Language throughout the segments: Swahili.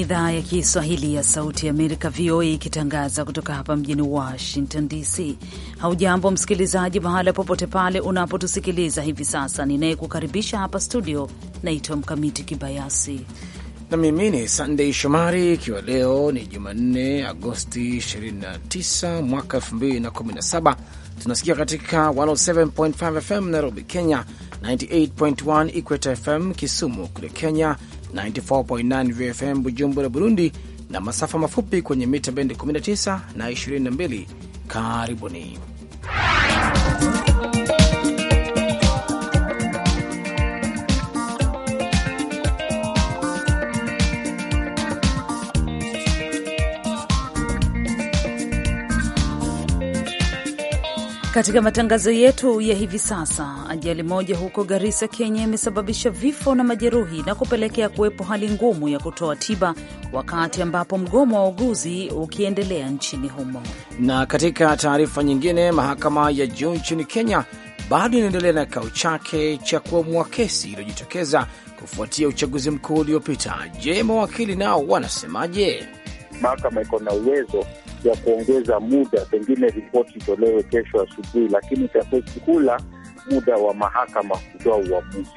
idhaa ya Kiswahili ya Sauti ya Amerika, VOA, ikitangaza kutoka hapa mjini Washington DC. Haujambo msikilizaji, mahala popote pale unapotusikiliza hivi sasa. Ninayekukaribisha hapa studio naitwa Mkamiti Kibayasi na mimi ni Sandei Shomari, ikiwa leo ni Jumanne, Agosti 29 mwaka 2017. Tunasikia katika 107.5 FM Nairobi, Kenya, 98.1 Equator FM Kisumu kule Kenya, 94.9 VFM Bujumbura, Burundi, na masafa mafupi kwenye mita bendi 19 na 22. Karibuni Katika matangazo yetu ya hivi sasa, ajali moja huko Garissa, Kenya imesababisha vifo na majeruhi na kupelekea kuwepo hali ngumu ya kutoa tiba, wakati ambapo mgomo wa uguzi ukiendelea nchini humo. Na katika taarifa nyingine, mahakama ya juu nchini Kenya bado inaendelea na kikao chake cha kuamua kesi iliyojitokeza kufuatia uchaguzi mkuu uliopita. Je, mawakili nao wanasemaje? mahakama iko na uwezo ya kuongeza muda, pengine ripoti itolewe kesho asubuhi, lakini itakula muda wa mahakama kutoa uamuzi.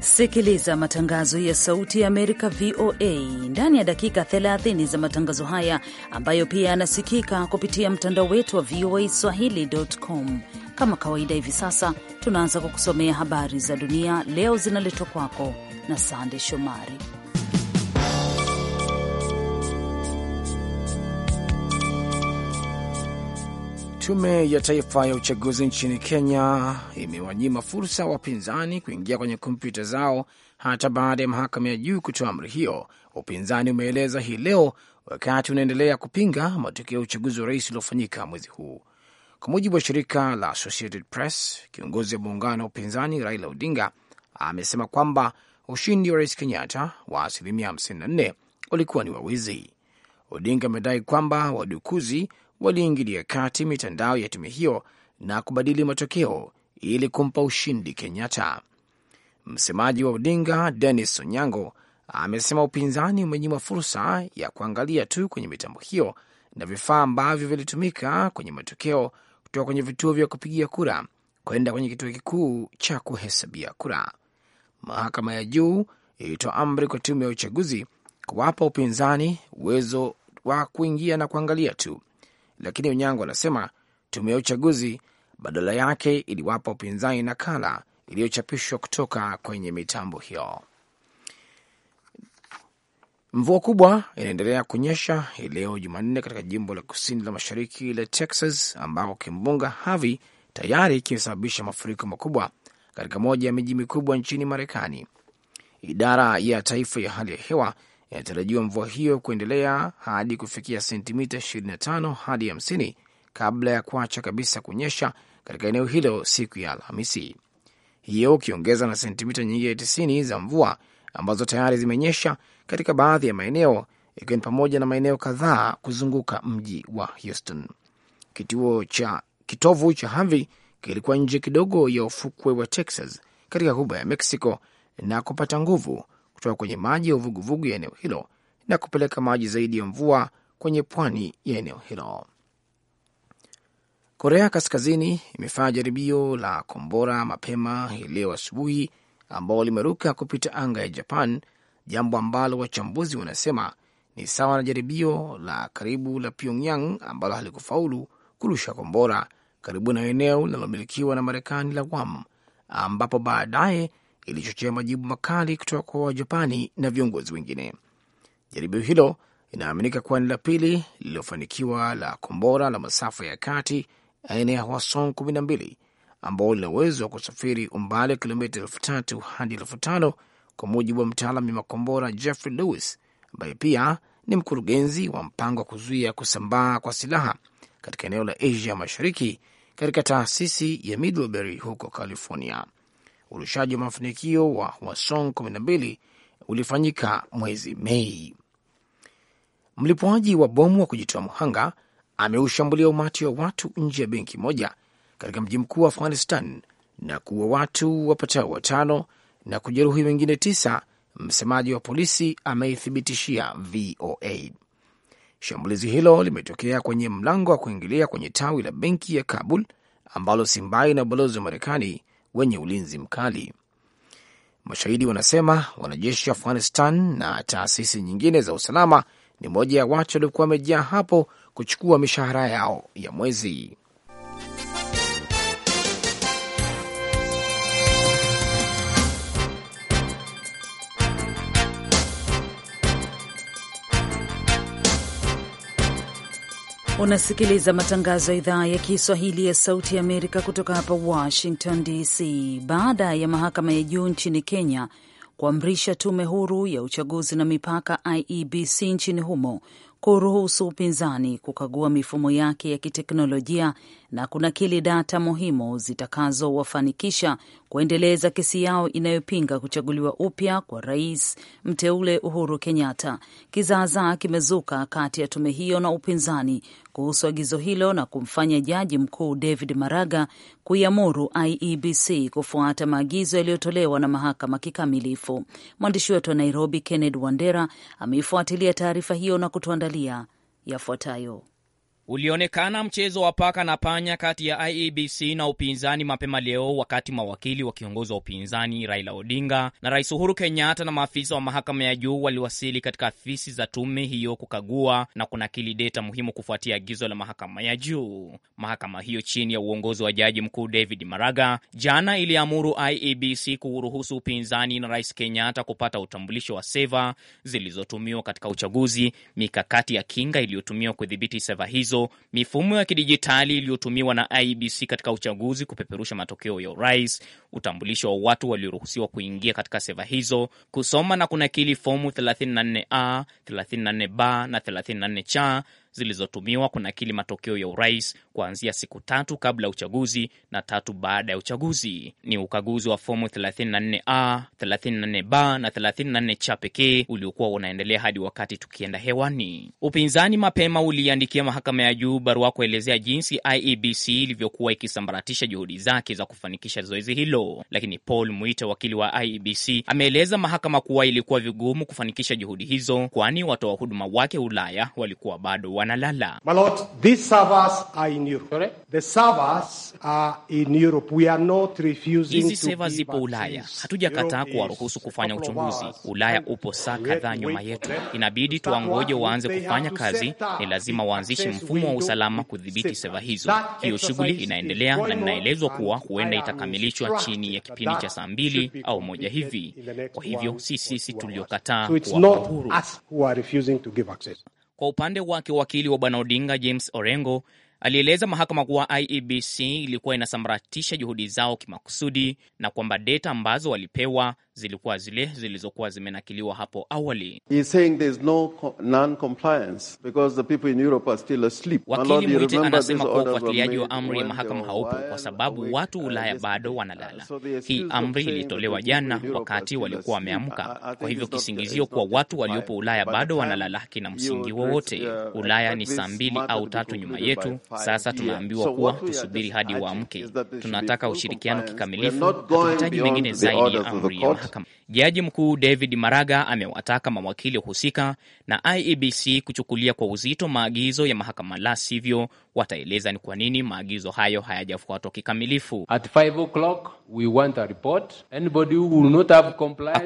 Sikiliza matangazo ya Sauti ya Amerika, VOA, ndani ya dakika 30 za matangazo haya ambayo pia yanasikika kupitia mtandao wetu wa VOA Swahili.com. Kama kawaida, hivi sasa tunaanza kwa kusomea habari za dunia leo, zinaletwa kwako na Sande Shomari. Tume ya Taifa ya Uchaguzi nchini Kenya imewanyima fursa wapinzani kuingia kwenye kompyuta zao hata baada ya mahakama ya juu kutoa amri hiyo, upinzani umeeleza hii leo, wakati unaendelea kupinga matokeo ya uchaguzi wa rais uliofanyika mwezi huu. Kwa mujibu wa shirika la Associated Press, kiongozi wa muungano wa upinzani Raila Odinga amesema kwamba ushindi wa rais Kenyatta wa asilimia 54 ulikuwa ni wawizi. Odinga amedai kwamba wadukuzi waliingilia kati mitandao ya tume hiyo na kubadili matokeo ili kumpa ushindi Kenyatta. Msemaji wa Odinga denis sonyango amesema upinzani umenyimwa fursa ya kuangalia tu kwenye mitambo hiyo na vifaa ambavyo vilitumika kwenye matokeo kutoka kwenye vituo vya kupigia kura kwenda kwenye kituo kikuu cha kuhesabia kura. Mahakama ya juu ilitoa amri kwa tume ya uchaguzi kuwapa upinzani uwezo wa kuingia na kuangalia tu lakini Onyango anasema tume ya uchaguzi badala yake iliwapa upinzani nakala iliyochapishwa kutoka kwenye mitambo hiyo. Mvua kubwa inaendelea kunyesha hii leo Jumanne katika jimbo la kusini la mashariki la Texas, ambako kimbunga Harvey tayari kimesababisha mafuriko makubwa katika moja ya miji mikubwa nchini Marekani. Idara ya Taifa ya Hali ya Hewa yanatarajiwa mvua hiyo kuendelea hadi kufikia sentimita 25 hadi 50 kabla ya kuacha kabisa kunyesha katika eneo hilo siku ya Alhamisi hiyo, ukiongeza na sentimita nyingine 90 za mvua ambazo tayari zimenyesha katika baadhi ya maeneo ikiwa ni pamoja na maeneo kadhaa kuzunguka mji wa Houston. Kituo cha, kitovu cha Harvey kilikuwa nje kidogo ya ufukwe wa Texas katika ghuba ya Mexico na kupata nguvu kutoka kwenye maji ya uvuguvugu ya eneo hilo na kupeleka maji zaidi ya mvua kwenye pwani ya eneo hilo. Korea Kaskazini imefanya jaribio la kombora mapema hii leo asubuhi ambao limeruka kupita anga ya Japan, jambo ambalo wachambuzi wanasema ni sawa na jaribio la karibu la Pyongyang ambalo halikufaulu kurusha kombora karibu na eneo linalomilikiwa na Marekani la Guam, ambapo baadaye ilichochea majibu makali kutoka kwa Wajapani na viongozi wengine. Jaribio hilo inaaminika kuwa ni la pili lililofanikiwa la kombora la masafa ya kati aina ya Hwasong 12 ambao lina uwezo wa kusafiri umbali wa kilomita elfu tatu hadi elfu tano kwa mujibu wa mtaalam ya makombora Jeffrey Lewis ambaye pia ni mkurugenzi wa mpango wa kuzuia kusambaa kwa silaha katika eneo la Asia Mashariki katika taasisi ya Middlebury huko California. Urushaji wa mafanikio wa Hwasong 12 ulifanyika mwezi Mei. Mlipuaji wa bomu wa kujitoa mhanga ameushambulia umati wa watu nje ya benki moja katika mji mkuu wa Afghanistan na kuua watu wapatao watano na kujeruhi wengine tisa. Msemaji wa polisi ameithibitishia VOA shambulizi hilo limetokea kwenye mlango wa kuingilia kwenye tawi la benki ya Kabul ambalo si mbali na ubalozi wa Marekani wenye ulinzi mkali. Mashahidi wanasema wanajeshi wa Afghanistan na taasisi nyingine za usalama ni moja ya watu waliokuwa wamejaa hapo kuchukua mishahara yao ya mwezi. Unasikiliza matangazo ya idhaa ya Kiswahili ya Sauti ya Amerika kutoka hapa Washington DC. Baada ya mahakama ya juu nchini Kenya kuamrisha tume huru ya uchaguzi na mipaka IEBC nchini humo kuruhusu upinzani kukagua mifumo yake ya kiteknolojia na kunakili data muhimu zitakazowafanikisha kuendeleza kesi yao inayopinga kuchaguliwa upya kwa rais mteule Uhuru Kenyatta. Kizaazaa kimezuka kati ya tume hiyo na upinzani kuhusu agizo hilo na kumfanya jaji mkuu David Maraga kuiamuru IEBC kufuata maagizo yaliyotolewa na mahakama kikamilifu. Mwandishi wetu wa Nairobi, Kenneth Wandera, ameifuatilia taarifa hiyo na kutuandalia yafuatayo. Ulionekana mchezo wa paka na panya kati ya IEBC na upinzani mapema leo, wakati mawakili wa kiongozi wa upinzani Raila Odinga na Rais Uhuru Kenyatta na maafisa wa mahakama ya juu waliwasili katika afisi za tume hiyo kukagua na kunakili deta muhimu kufuatia agizo la mahakama ya juu. Mahakama hiyo chini ya uongozi wa Jaji Mkuu David Maraga jana iliamuru IEBC kuruhusu upinzani na Rais Kenyatta kupata utambulisho wa seva zilizotumiwa katika uchaguzi, mikakati ya kinga iliyotumiwa kudhibiti seva hizo hizo mifumo ya kidijitali iliyotumiwa na IBC katika uchaguzi kupeperusha matokeo ya urais, utambulisho wa watu walioruhusiwa kuingia katika seva hizo, kusoma na kunakili fomu 34A, 34B na 34C zilizotumiwa kunakili matokeo ya urais kuanzia siku tatu kabla ya uchaguzi na tatu baada ya uchaguzi. Ni ukaguzi wa fomu 34A, 34B na 34 c pekee uliokuwa unaendelea hadi wakati tukienda hewani. Upinzani mapema uliiandikia mahakama ya juu barua kuelezea jinsi IEBC ilivyokuwa ikisambaratisha juhudi zake za kufanikisha zoezi hilo, lakini Paul Mwite, wakili wa IEBC, ameeleza mahakama kuwa ilikuwa vigumu kufanikisha juhudi hizo, kwani watoa huduma wake Ulaya walikuwa bado wanalala. Hizi seva zipo Ulaya, hatujakataa kuwaruhusu kufanya uchunguzi. Ulaya upo saa kadhaa nyuma yetu, inabidi tuwangoje waanze kufanya kazi. Ni lazima waanzishe mfumo wa usalama kudhibiti seva hizo. Hiyo shughuli inaendelea na ninaelezwa kuwa huenda itakamilishwa chini ya kipindi cha saa mbili au moja hivi. Kwa hivyo si sisi tuliokataa kuwapa uhuru. Kwa upande wake wakili wa bwana Odinga James Orengo alieleza mahakama kuwa IEBC ilikuwa inasambaratisha juhudi zao kimakusudi na kwamba deta ambazo walipewa zilikuwa zile zilizokuwa zimenakiliwa hapo awali. Wakili Mwite anasema kuwa ufuatiliaji wa amri ya mahakama haupo kwa sababu watu Ulaya bado wanalala. hii amri ilitolewa jana wakati walikuwa wameamka. Kwa hivyo kisingizio kuwa watu waliopo Ulaya bado wanalala kina msingi wowote. Ulaya ni saa mbili au tatu nyuma yetu. Sasa tunaambiwa kuwa tusubiri hadi waamke. Tunataka ushirikiano kikamilifu, hatuhitaji mengine zaidi ya amri ya mahakama. Jaji Mkuu David Maraga amewataka mawakili husika na IEBC kuchukulia kwa uzito maagizo ya mahakama, la sivyo wataeleza ni kwa nini maagizo hayo hayajafuatwa kikamilifu.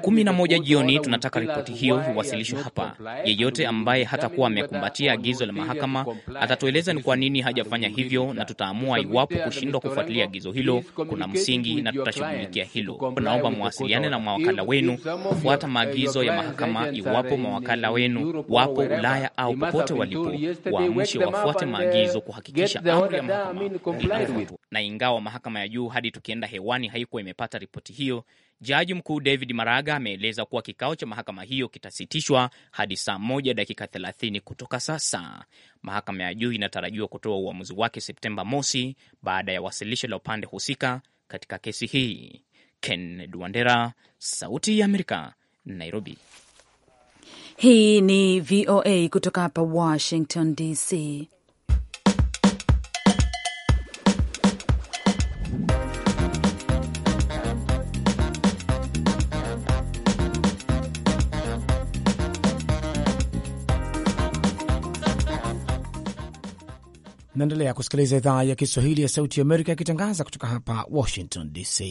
kumi na moja jioni tunataka ripoti hiyo iwasilishwe hapa. Yeyote ambaye hatakuwa amekumbatia agizo la mahakama atatueleza ni kwa nini hajafanya hivyo, na tutaamua iwapo kushindwa kufuatilia agizo hilo kuna msingi, na tutashughulikia hilo. Naomba mwasiliane na mawakala wenu kufuata uh, maagizo ya mahakama. Iwapo mawakala wenu wapo Ulaya au popote walipo, waamushi wafuate uh, maagizo kwa kuhakikisha amri ya mahakama na ingawa mahakama ya juu hadi tukienda hewani haikuwa imepata ripoti hiyo, jaji mkuu David Maraga ameeleza kuwa kikao cha mahakama hiyo kitasitishwa hadi saa moja dakika thelathini kutoka sasa. Mahakama ya juu inatarajiwa kutoa uamuzi wake Septemba mosi baada ya wasilisho la upande husika katika kesi hii. Ken Wandera, Sauti ya Amerika, Nairobi. Hii ni VOA kutoka hapa Washington DC. Naendelea kusikiliza idhaa ya Kiswahili ya Sauti ya Amerika ikitangaza kutoka hapa Washington DC.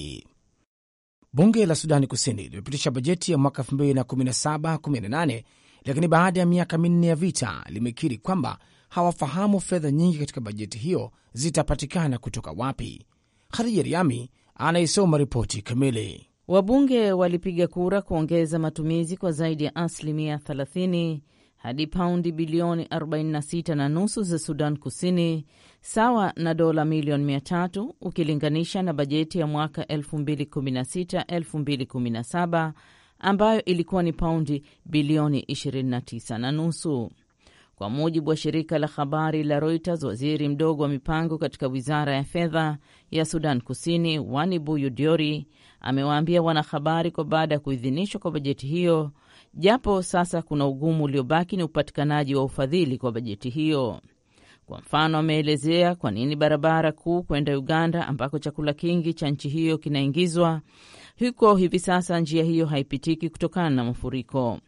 Bunge la Sudani Kusini limepitisha bajeti ya mwaka 2017/18 lakini baada ya miaka minne ya vita limekiri kwamba hawafahamu fedha nyingi katika bajeti hiyo zitapatikana kutoka wapi. Khadija Riami anaisoma ripoti kamili. Wabunge walipiga kura kuongeza matumizi kwa zaidi ya asilimia 30 hadi paundi bilioni 46 na nusu za Sudan Kusini, sawa na dola milioni 300 ukilinganisha na bajeti ya mwaka 2016-2017 ambayo ilikuwa ni paundi bilioni 29 na nusu. Kwa mujibu wa shirika la habari la Reuters, waziri mdogo wa mipango katika wizara ya fedha ya Sudan Kusini, buyu Diori, amewaambia wanahabari kwa baada ya kuidhinishwa kwa bajeti hiyo japo sasa kuna ugumu uliobaki ni upatikanaji wa ufadhili kwa bajeti hiyo. Kwa mfano, ameelezea kwa nini barabara kuu kwenda Uganda ambako chakula kingi cha nchi hiyo kinaingizwa huko hivi sasa, njia hiyo haipitiki kutokana na mafuriko,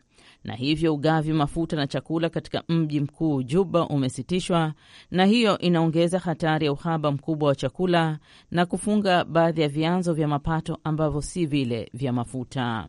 na hivyo ugavi mafuta na chakula katika mji mkuu Juba umesitishwa, na hiyo inaongeza hatari ya uhaba mkubwa wa chakula na kufunga baadhi ya vyanzo vya mapato ambavyo si vile vya mafuta.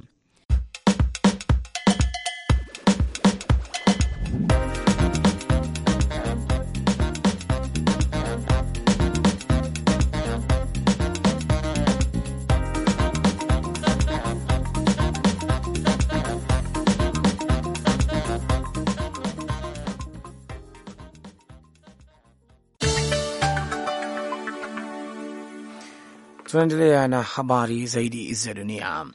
Tunaendelea na habari zaidi za dunia.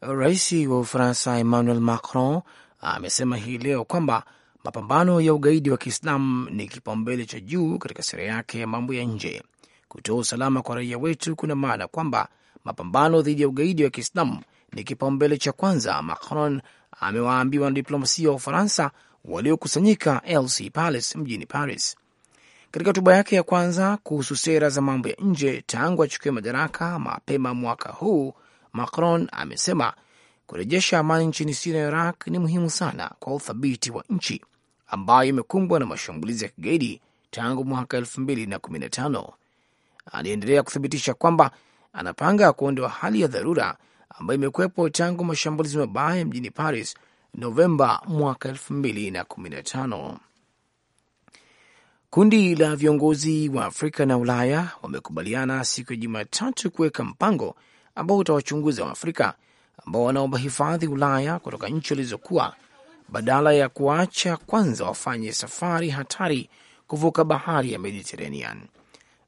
Rais wa Ufaransa Emmanuel Macron amesema hii leo kwamba mapambano ya ugaidi wa Kiislamu ni kipaumbele cha juu katika sera yake ya mambo ya nje. Kutoa usalama kwa raia wetu kuna maana kwamba mapambano dhidi ya ugaidi wa Kiislamu ni kipaumbele cha kwanza, Macron amewaambia wanadiplomasia wa Ufaransa waliokusanyika Elysee Palace mjini Paris. Katika hotuba yake ya kwanza kuhusu sera za mambo ya nje tangu achukue madaraka mapema mwaka huu, Macron amesema kurejesha amani nchini Siria na Iraq ni muhimu sana kwa uthabiti wa nchi ambayo imekumbwa na mashambulizi ya kigaidi tangu mwaka elfu mbili na kumi na tano. Aliendelea kuthibitisha kwamba anapanga kuondoa hali ya dharura ambayo imekwepo tangu mashambulizi mabaya mjini Paris Novemba mwaka elfu mbili na kumi na tano. Kundi la viongozi wa Afrika na Ulaya wamekubaliana siku ya Jumatatu kuweka mpango ambao utawachunguza Waafrika ambao wanaomba hifadhi Ulaya kutoka nchi walizokuwa, badala ya kuacha kwanza wafanye safari hatari kuvuka bahari ya Mediterranean.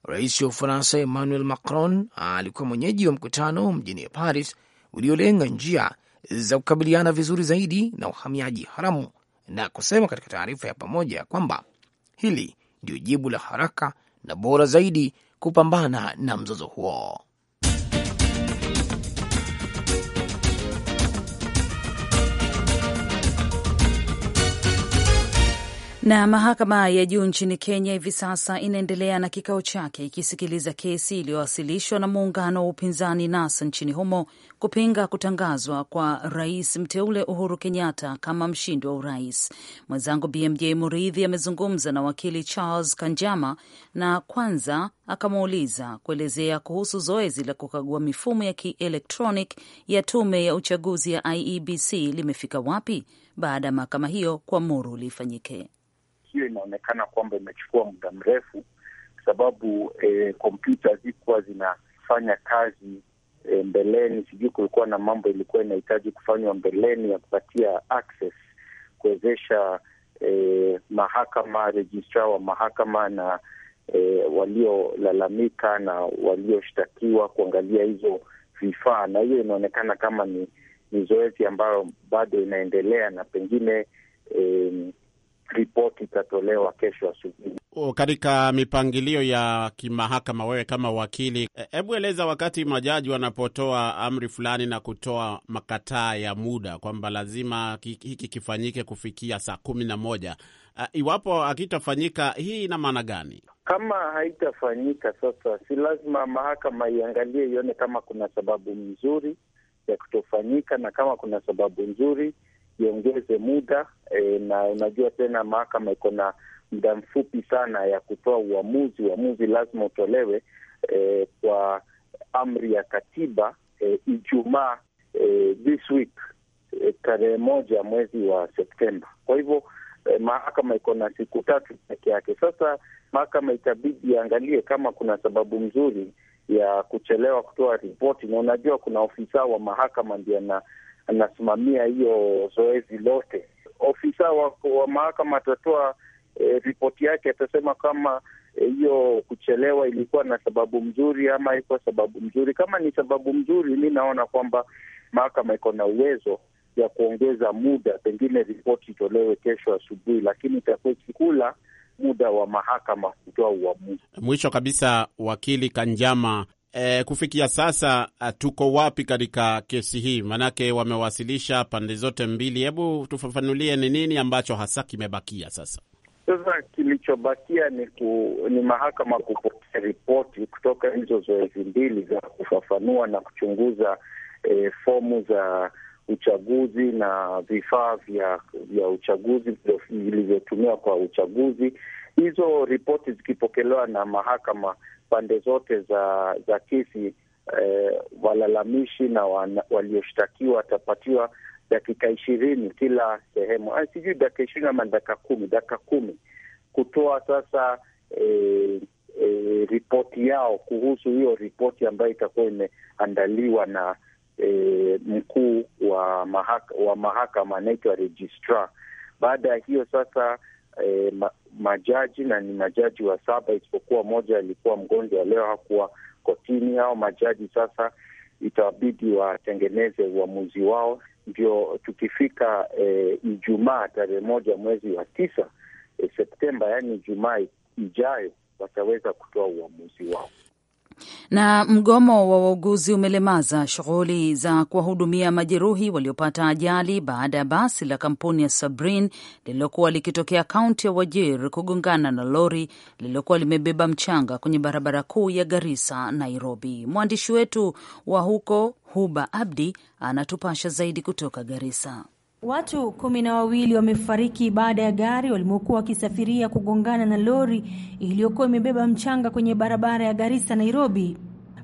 Rais wa Ufaransa Emmanuel Macron alikuwa mwenyeji wa mkutano mjini Paris uliolenga njia za kukabiliana vizuri zaidi na uhamiaji haramu na kusema katika taarifa ya pamoja kwamba hili ndiyo jibu la haraka na bora zaidi kupambana na mzozo huo. Na mahakama ya juu nchini Kenya hivi sasa inaendelea na kikao chake ikisikiliza kesi iliyowasilishwa na muungano wa upinzani NASA nchini humo kupinga kutangazwa kwa rais mteule Uhuru Kenyatta kama mshindi wa urais. Mwenzangu BMJ Muridhi amezungumza na wakili Charles Kanjama na kwanza akamuuliza kuelezea kuhusu zoezi la kukagua mifumo ya kielektronic ya tume ya uchaguzi ya IEBC limefika wapi baada ya mahakama hiyo kuamuru lifanyike hiyo inaonekana kwamba imechukua muda mrefu, sababu e, kompyuta e, zikuwa zinafanya kazi eh, mbeleni. Sijui kulikuwa na mambo ilikuwa inahitaji kufanywa mbeleni ya kupatia access kuwezesha Eh, mahakama rejistra wa mahakama na eh, waliolalamika na walioshtakiwa kuangalia hizo vifaa, na hiyo inaonekana kama ni, ni zoezi ambayo bado inaendelea na pengine eh, ripoti itatolewa kesho asubuhi katika mipangilio ya kimahakama. Wewe kama wakili, e, hebu eleza, wakati majaji wanapotoa amri fulani na kutoa makataa ya muda kwamba lazima hiki kifanyike kufikia saa kumi na moja, e, iwapo hakitafanyika, hii ina maana gani? Kama haitafanyika sasa, si lazima mahakama iangalie, ione kama kuna sababu nzuri ya kutofanyika, na kama kuna sababu nzuri iongeze muda e, na unajua tena mahakama iko na muda mfupi sana ya kutoa uamuzi. Uamuzi lazima utolewe e, kwa amri ya katiba e, Ijumaa e, this week e, tarehe moja mwezi wa Septemba. Kwa hivyo e, mahakama iko na siku tatu peke yake. Sasa mahakama itabidi iangalie kama kuna sababu nzuri ya kuchelewa kutoa ripoti, na unajua kuna ofisa wa mahakama ndio na anasimamia hiyo zoezi lote. Ofisa wa, wa mahakama atatoa e, ripoti yake, atasema kama e, hiyo e, kuchelewa ilikuwa na sababu mzuri ama iko sababu mzuri. Kama ni sababu mzuri, mi naona kwamba mahakama iko na uwezo ya kuongeza muda, pengine ripoti itolewe kesho asubuhi, lakini itakuwa ikikula muda wa mahakama kutoa uamuzi. Mwisho kabisa, wakili Kanjama, E, kufikia sasa eh, tuko wapi katika kesi hii? Maanake wamewasilisha pande zote mbili. Hebu tufafanulie ni nini ambacho hasa kimebakia sasa. Sasa kilichobakia ni, ku, ni mahakama kupokea ripoti kutoka hizo zoezi mbili za kufafanua na kuchunguza e, fomu za uchaguzi na vifaa vya vya uchaguzi vilivyotumiwa kwa uchaguzi. Hizo ripoti zikipokelewa na mahakama pande zote za za kesi eh, walalamishi na walioshtakiwa watapatiwa dakika ishirini kila sehemu, ah, sijui dakika ishirini ama dakika kumi, dakika kumi kutoa sasa eh, eh, ripoti yao kuhusu hiyo ripoti ambayo itakuwa imeandaliwa na eh, mkuu wa mahaka, wa mahakama anaitwa registra Baada ya hiyo sasa e, ma, majaji na ni majaji wa saba, isipokuwa moja alikuwa mgonjwa, leo hakuwa kotini. Hao majaji sasa itabidi watengeneze uamuzi wao, ndio tukifika e, Ijumaa tarehe moja mwezi wa tisa e, Septemba, yaani Ijumaa ijayo wataweza kutoa uamuzi wao. Na mgomo wa wauguzi umelemaza shughuli za kuwahudumia majeruhi waliopata ajali baada ya basi la kampuni ya Sabrin lililokuwa likitokea kaunti ya Wajir kugongana na lori lililokuwa limebeba mchanga kwenye barabara kuu ya Garissa, Nairobi. Mwandishi wetu wa huko Huba Abdi anatupasha zaidi kutoka Garissa. Watu kumi na wawili wamefariki baada ya gari walimokuwa wakisafiria kugongana na lori iliyokuwa imebeba mchanga kwenye barabara ya Garissa Nairobi.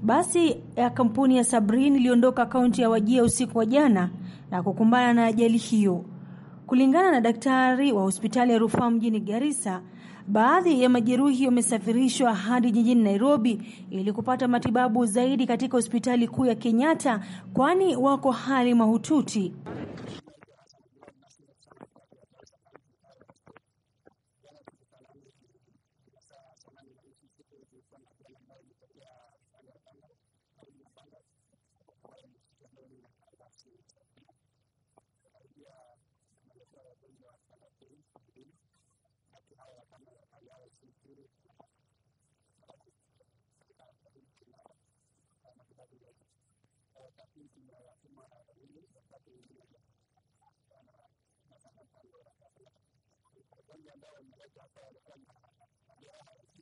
Basi ya kampuni ya Sabrin iliondoka kaunti ya Wajia usiku wa jana na kukumbana na ajali hiyo. Kulingana na daktari wa hospitali ya rufaa mjini Garissa, baadhi ya majeruhi wamesafirishwa hadi jijini Nairobi ili kupata matibabu zaidi katika hospitali kuu ya Kenyatta, kwani wako hali mahututi.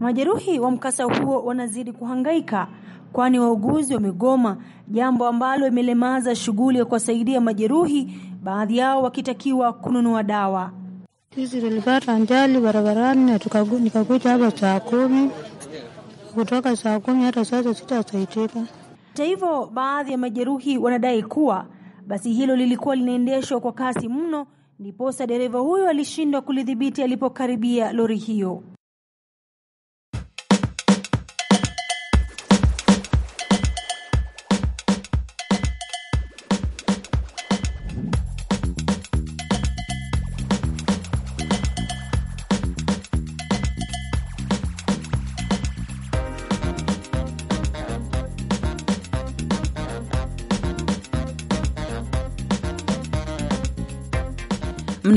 Majeruhi wa mkasa huo wanazidi kuhangaika kwani wauguzi wamegoma, jambo ambalo imelemaza shughuli ya kuwasaidia majeruhi, baadhi yao wakitakiwa kununua dawa. Sisi tulipata ajali barabarani na nikakuja hapa saa kumi kutoka saa kumi hata sasa sitasaitika. Hata hivyo, baadhi ya majeruhi wanadai kuwa basi hilo lilikuwa linaendeshwa kwa kasi mno, ndiposa dereva huyo alishindwa kulidhibiti alipokaribia lori hiyo.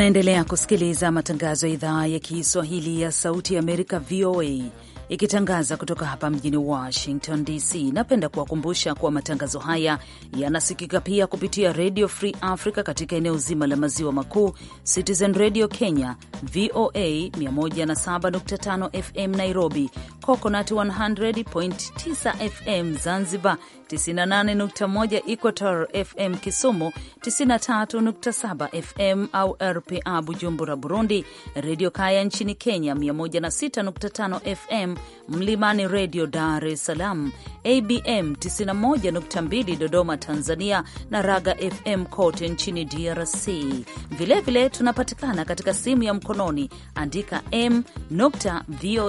Unaendelea kusikiliza matangazo ya idhaa ya Kiswahili ya Sauti ya Amerika, VOA, ikitangaza kutoka hapa mjini Washington DC. Napenda kuwakumbusha kuwa matangazo haya yanasikika pia kupitia Radio Free Africa katika eneo zima la maziwa makuu, Citizen Radio Kenya, VOA 107.5 FM Nairobi, Coconut 100.9 FM Zanzibar, 98.1 Equator FM Kisumu, 93.7 FM au RPA Bujumbura Burundi, redio Kaya nchini Kenya 106.5 FM Mlimani Redio Dar es Salaam, ABM 91.2 Dodoma Tanzania, na Raga FM kote nchini DRC. Vilevile vile, tunapatikana katika simu ya mkononi, andika m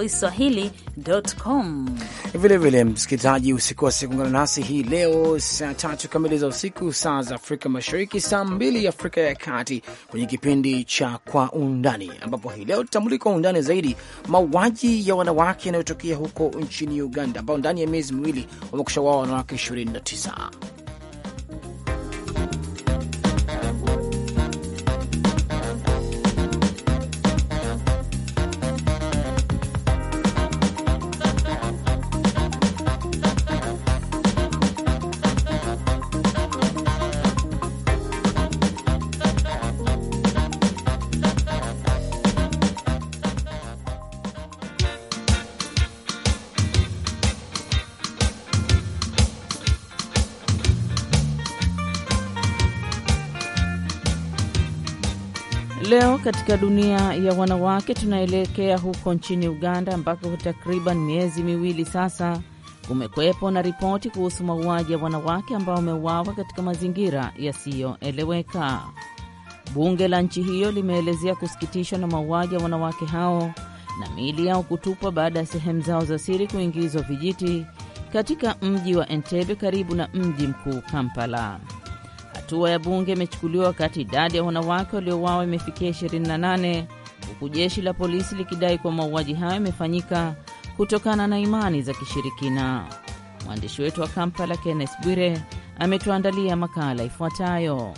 swahili.com. Vilevile msikilizaji, usikose kuungana nasi hii leo saa tatu kamili za usiku, saa za Afrika Mashariki, saa mbili Afrika ya Kati, kwenye kipindi cha Kwa Undani, ambapo hii leo tutamulika undani zaidi mauaji ya wanawake na yanayotokea huko nchini Uganda, ambao ndani ya miezi miwili wamekusha wao wanawake 29. katika dunia ya wanawake, tunaelekea huko nchini Uganda ambako takriban miezi miwili sasa kumekwepo na ripoti kuhusu mauaji ya wanawake ambao wameuawa katika mazingira yasiyoeleweka. Bunge la nchi hiyo limeelezea kusikitishwa na mauaji ya wanawake hao na miili yao kutupwa baada ya sehemu zao za siri kuingizwa vijiti katika mji wa Entebbe karibu na mji mkuu Kampala. Hatua ya bunge imechukuliwa wakati idadi ya wanawake waliowawa imefikia 28 huku jeshi la polisi likidai kuwa mauaji hayo yamefanyika kutokana na imani za kishirikina. Mwandishi wetu wa Kampala, Kenneth Bwire, ametuandalia makala ifuatayo.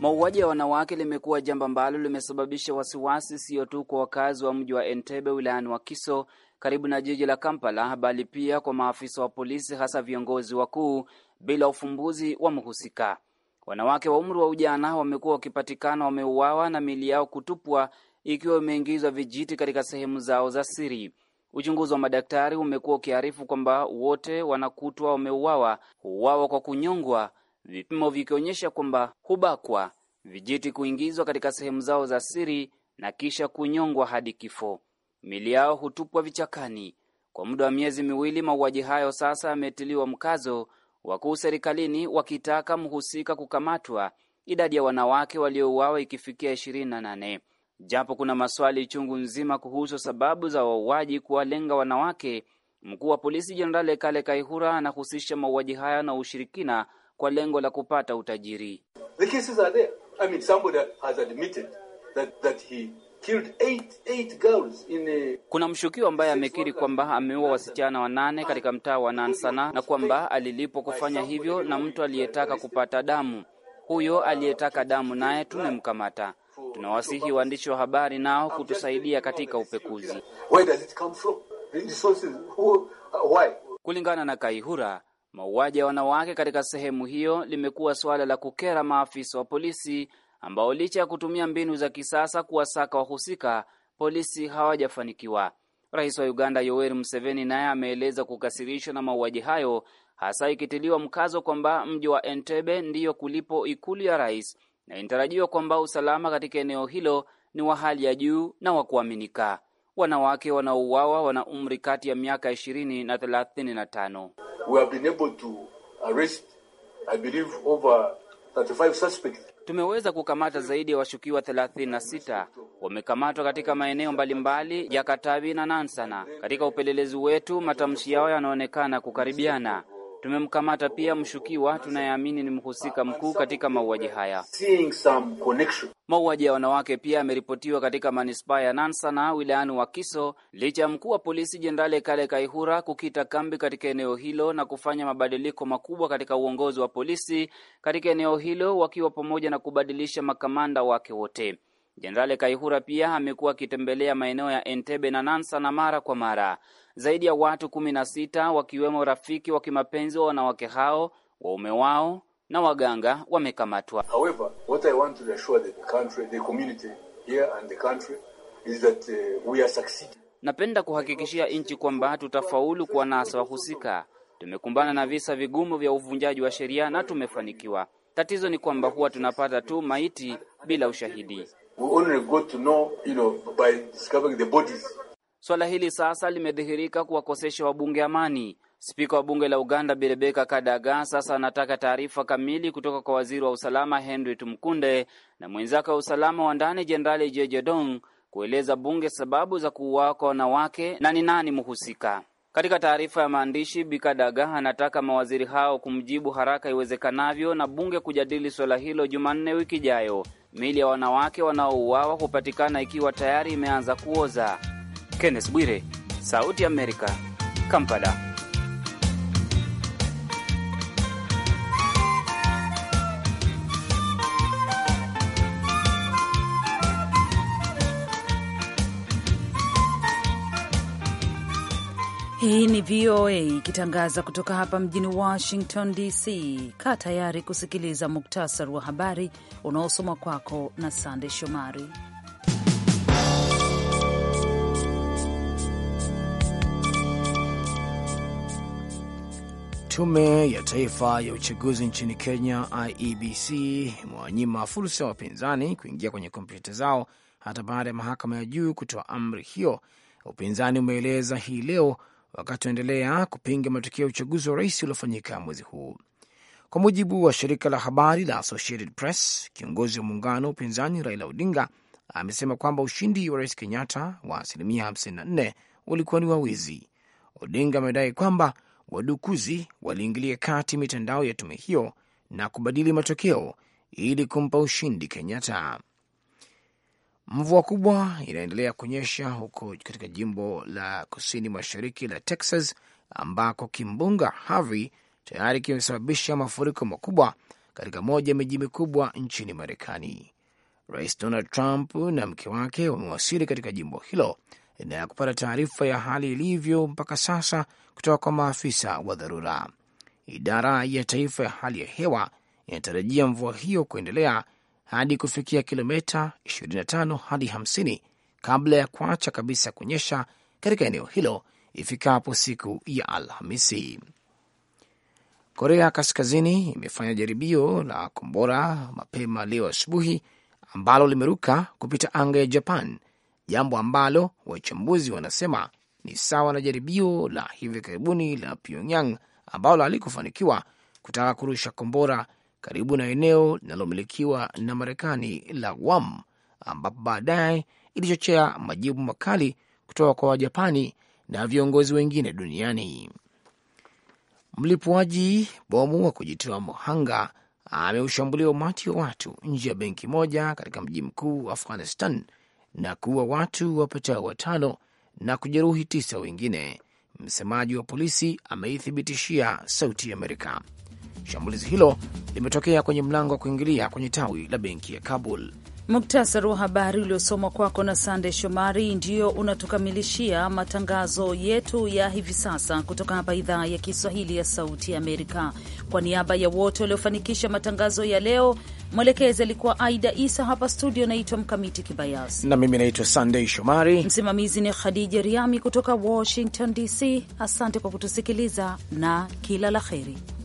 Mauaji ya wanawake limekuwa jambo ambalo limesababisha wasiwasi, sio tu kwa wakazi wa mji wa Entebe wilayani Wakiso karibu na jiji la Kampala, bali pia kwa maafisa wa polisi, hasa viongozi wakuu, bila ufumbuzi wa mhusika. Wanawake wa umri wa ujana wamekuwa wakipatikana wameuawa na mili yao kutupwa ikiwa imeingizwa vijiti katika sehemu zao za siri. Uchunguzi wa madaktari umekuwa ukiarifu kwamba wote wanakutwa wameuawa, huuawa kwa kunyongwa, vipimo vikionyesha kwamba hubakwa, vijiti kuingizwa katika sehemu zao za siri na kisha kunyongwa hadi kifo. mili yao hutupwa vichakani. Kwa muda wa miezi miwili, mauaji hayo sasa yametiliwa mkazo wakuu serikalini wakitaka mhusika kukamatwa, idadi ya wanawake waliouawa ikifikia 28 japo kuna maswali chungu nzima kuhusu sababu za wauaji kuwalenga wanawake. Mkuu wa polisi Jenerali Kale Kaihura anahusisha mauaji haya na ushirikina kwa lengo la kupata utajiri. The cases are there. I mean, kuna mshukiwa ambaye amekiri kwamba ameua wasichana wanane katika mtaa wa Nansana na kwamba alilipwa kufanya hivyo na mtu aliyetaka kupata damu. Huyo aliyetaka damu naye tumemkamata. Tunawasihi waandishi wa habari nao kutusaidia katika upekuzi. Uh, Kulingana na Kaihura, mauaji ya wanawake katika sehemu hiyo limekuwa suala la kukera maafisa wa polisi ambao licha ya kutumia mbinu za kisasa kuwasaka wahusika, polisi hawajafanikiwa. Rais wa Uganda Yoweri Museveni naye ameeleza kukasirishwa na mauaji hayo, hasa ikitiliwa mkazo kwamba mji wa Entebbe ndiyo kulipo ikulu ya rais na inatarajiwa kwamba usalama katika eneo hilo ni wa hali ya juu na wa kuaminika. Wanawake wanaouawa wana umri kati ya miaka ishirini na thelathini na tano. We have been able to arrest, I believe, over 35 suspects. Tumeweza kukamata zaidi ya washukiwa 36 wamekamatwa katika maeneo mbalimbali ya Katavi na Nansana. Katika upelelezi wetu, matamshi yao yanaonekana kukaribiana. Tumemkamata pia mshukiwa tunayeamini ni mhusika mkuu katika mauaji haya. Mauaji ya wanawake pia yameripotiwa katika manispaa ya nansa na wilayani Wakiso, licha ya mkuu wa polisi Jenerali Kale Kaihura kukita kambi katika eneo hilo na kufanya mabadiliko makubwa katika uongozi wa polisi katika eneo hilo, wakiwa pamoja na kubadilisha makamanda wake wote. Jenerali Kaihura pia amekuwa akitembelea maeneo ya Entebe na nansa na mara kwa mara. Zaidi ya watu kumi na sita wakiwemo rafiki wa kimapenzi wa wanawake hao, waume wao na waganga wamekamatwa. Uh, Napenda kuhakikishia nchi kwamba tutafaulu nasa wahusika. Tumekumbana na visa vigumu vya uvunjaji wa sheria na tumefanikiwa. Tatizo ni kwamba huwa tunapata tu maiti bila ushahidi. We only got to know, you know, by discovering the bodies. Swala hili sasa limedhihirika kuwakosesha wabunge amani. Spika wa bunge la Uganda birebeka Kadaga sasa anataka taarifa kamili kutoka kwa waziri wa usalama Henry Tumkunde na mwenzake wa usalama wa ndani Jenerali Jeje Dong kueleza bunge sababu za kuuawa kwa wanawake na ni nani mhusika. Katika taarifa ya maandishi, bikadaga anataka mawaziri hao kumjibu haraka iwezekanavyo na bunge kujadili swala hilo Jumanne wiki ijayo. Mili ya wanawake wanaouawa hupatikana ikiwa tayari imeanza kuoza. Kenneth Bwire, Sauti Amerika, Kampala. Hii ni VOA ikitangaza kutoka hapa mjini Washington DC. Kaa tayari kusikiliza muktasari wa habari unaosomwa kwako na Sande Shomari. Tume ya Taifa ya Uchaguzi nchini Kenya, IEBC, imewanyima fursa ya wapinzani kuingia kwenye kompyuta zao hata baada ya mahakama ya juu kutoa amri hiyo, upinzani umeeleza hii leo, wakati unaendelea kupinga matokeo ya uchaguzi wa rais uliofanyika mwezi huu. Kwa mujibu wa shirika la habari la Associated Press, kiongozi wa muungano wa upinzani Raila Odinga amesema kwamba ushindi wa rais Kenyatta wa asilimia 54 ulikuwa ni wawizi Odinga amedai kwamba wadukuzi waliingilia kati mitandao ya tume hiyo na kubadili matokeo ili kumpa ushindi Kenyatta. Mvua kubwa inaendelea kunyesha huko katika jimbo la kusini mashariki la Texas, ambako kimbunga Harvey tayari kimesababisha mafuriko makubwa katika moja ya miji mikubwa nchini Marekani. Rais Donald Trump na mke wake wamewasili katika jimbo hilo na kupata taarifa ya hali ilivyo mpaka sasa kutoka kwa maafisa wa dharura. Idara ya Taifa ya Hali ya Hewa inatarajia mvua hiyo kuendelea hadi kufikia kilomita 25 hadi 50 kabla ya kuacha kabisa kunyesha katika eneo hilo ifikapo siku ya Alhamisi. Korea Kaskazini imefanya jaribio la kombora mapema leo asubuhi ambalo limeruka kupita anga ya Japan, jambo ambalo wachambuzi wanasema ni sawa na jaribio la hivi karibuni la Pyongyang ambalo halikufanikiwa kutaka kurusha kombora karibu na eneo linalomilikiwa na Marekani la Guam, ambapo baadaye ilichochea majibu makali kutoka kwa Wajapani na viongozi wengine duniani. Mlipuaji bomu wa kujitoa muhanga ameushambulia umati wa watu nje ya benki moja katika mji mkuu Afghanistan na kuua watu wapatao watano na kujeruhi tisa wengine. Msemaji wa polisi ameithibitishia Sauti ya Amerika. Shambulizi hilo limetokea kwenye mlango wa kuingilia kwenye tawi la benki ya Kabul. Muktasari wa habari uliosomwa kwako na Sande Shomari ndio unatukamilishia matangazo yetu ya hivi sasa kutoka hapa idhaa ya Kiswahili ya Sauti ya Amerika. Kwa niaba ya wote waliofanikisha matangazo ya leo Mwelekezi alikuwa Aida Isa. Hapa studio naitwa Mkamiti Kibayasi na mimi naitwa Sandei Shomari. Msimamizi ni Khadija Riami kutoka Washington DC. Asante kwa kutusikiliza na kila la heri.